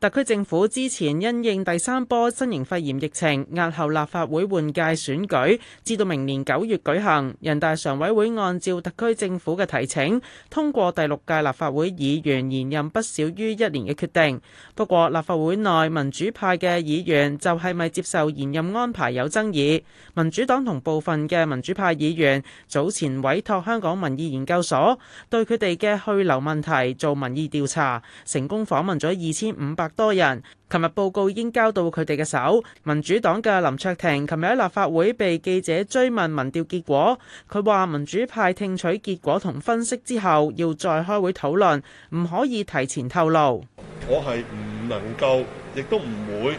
特區政府之前因應第三波新型肺炎疫情，押後立法會換屆選舉，至到明年九月舉行。人大常委會按照特區政府嘅提請，通過第六屆立法會議員延任不少於一年嘅決定。不過立法會內民主派嘅議員就係咪接受延任安排有爭議，民主黨同部分嘅民主派議員早前委託香港民意研究所對佢哋嘅去留問題做民意調查，成功訪問咗二千五百多人，琴日報告已經交到佢哋嘅手。民主黨嘅林卓廷，琴日喺立法會被記者追問民調結果，佢話民主派聽取結果同分析之後，要再開會討論，唔可以提前透露。我係唔能夠，亦都唔會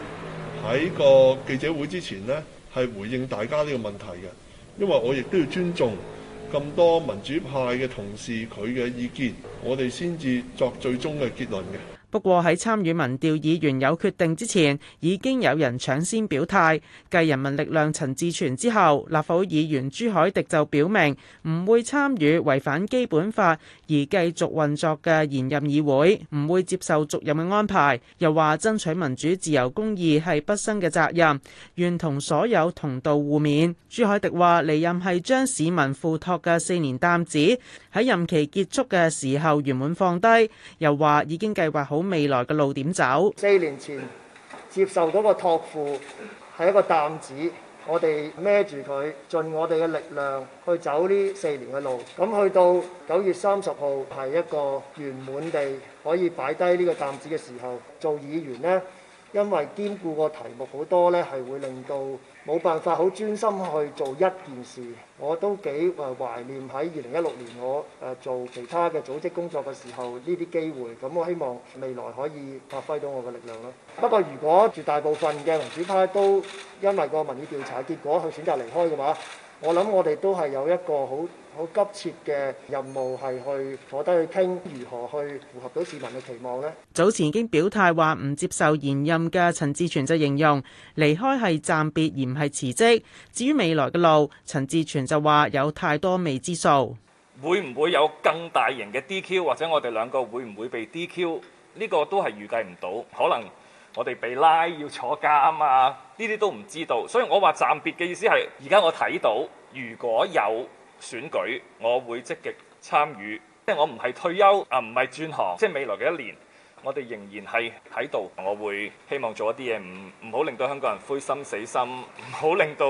喺個記者會之前呢，係回應大家呢個問題嘅，因為我亦都要尊重咁多民主派嘅同事佢嘅意見。我哋先至作最終嘅結論嘅。不過喺參與民調議員有決定之前，已經有人搶先表態。繼人民力量陳志全之後，立法會議員朱凱廸就表明唔會參與違反基本法而繼續運作嘅延任議會，唔會接受續任嘅安排。又話爭取民主自由公義係畢生嘅責任，願同所有同道互勉。朱凱廸話離任係將市民付託嘅四年擔子喺任期結束嘅時候，就圓滿放低，又話已經計劃好未來嘅路點走。四年前接受到個託付係一個擔子，我哋孭住佢，盡我哋嘅力量去走呢四年嘅路。咁去到九月三十號係一個圓滿地可以擺低呢個擔子嘅時候，做議員呢。因為兼顧個題目好多呢，係會令到冇辦法好專心去做一件事。我都幾誒懷念喺二零一六年我做其他嘅組織工作嘅時候呢啲機會。咁我希望未來可以發揮到我嘅力量咯。不過如果絕大部分嘅民主派都因為個民意調查結果去選擇離開嘅話，我諗我哋都係有一個好好急切嘅任務，係去坐低去傾，如何去符合到市民嘅期望呢。早前已經表態話唔接受延任嘅陳志全就形容離開係暫別而唔係辭職。至於未來嘅路，陳志全就話有太多未知數。會唔會有更大型嘅 DQ 或者我哋兩個會唔會被 DQ？呢個都係預計唔到，可能。我哋被拉要坐監啊嘛，呢啲都唔知道，所以我話暫別嘅意思係，而家我睇到如果有選舉，我會積極參與。即係我唔係退休啊，唔係轉行。即係未來嘅一年，我哋仍然係喺度。我會希望做一啲嘢，唔唔好令到香港人灰心死心，唔好令到。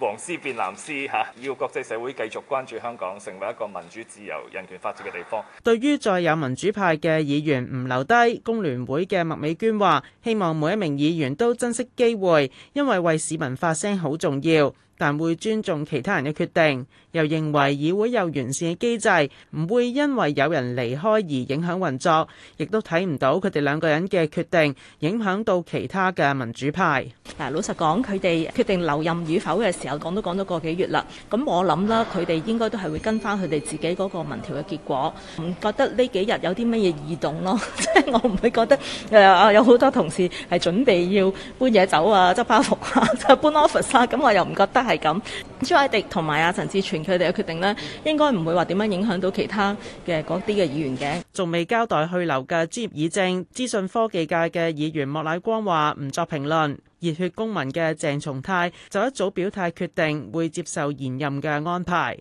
黃絲變藍絲嚇！要國際社會繼續關注香港，成為一個民主、自由、人權發展嘅地方。對於再有民主派嘅議員唔留低，工聯會嘅麥美娟話，希望每一名議員都珍惜機會，因為為市民發聲好重要。但會尊重其他人嘅決定。又認為議會有完善嘅機制，唔會因為有人離開而影響運作。亦都睇唔到佢哋兩個人嘅決定影響到其他嘅民主派。嗱，老實講，佢哋決定留任與否嘅時，又講都講咗個幾月啦，咁我諗啦，佢哋應該都係會跟翻佢哋自己嗰個民調嘅結果，唔覺得呢幾日有啲乜嘢異動咯，即係我唔會覺得啊有好多同事係準備要搬嘢走啊，執包袱啊，就搬 office 啊，咁我又唔覺得係咁。朱凱廸同埋阿陳志全佢哋嘅決定呢，應該唔會話點樣影響到其他嘅嗰啲嘅議員嘅。仲未交代去留嘅專業議政資訊科技界嘅議員莫乃光話唔作評論。 熱血公民嘅鄭松泰就一早表態，決定會接受延任嘅安排。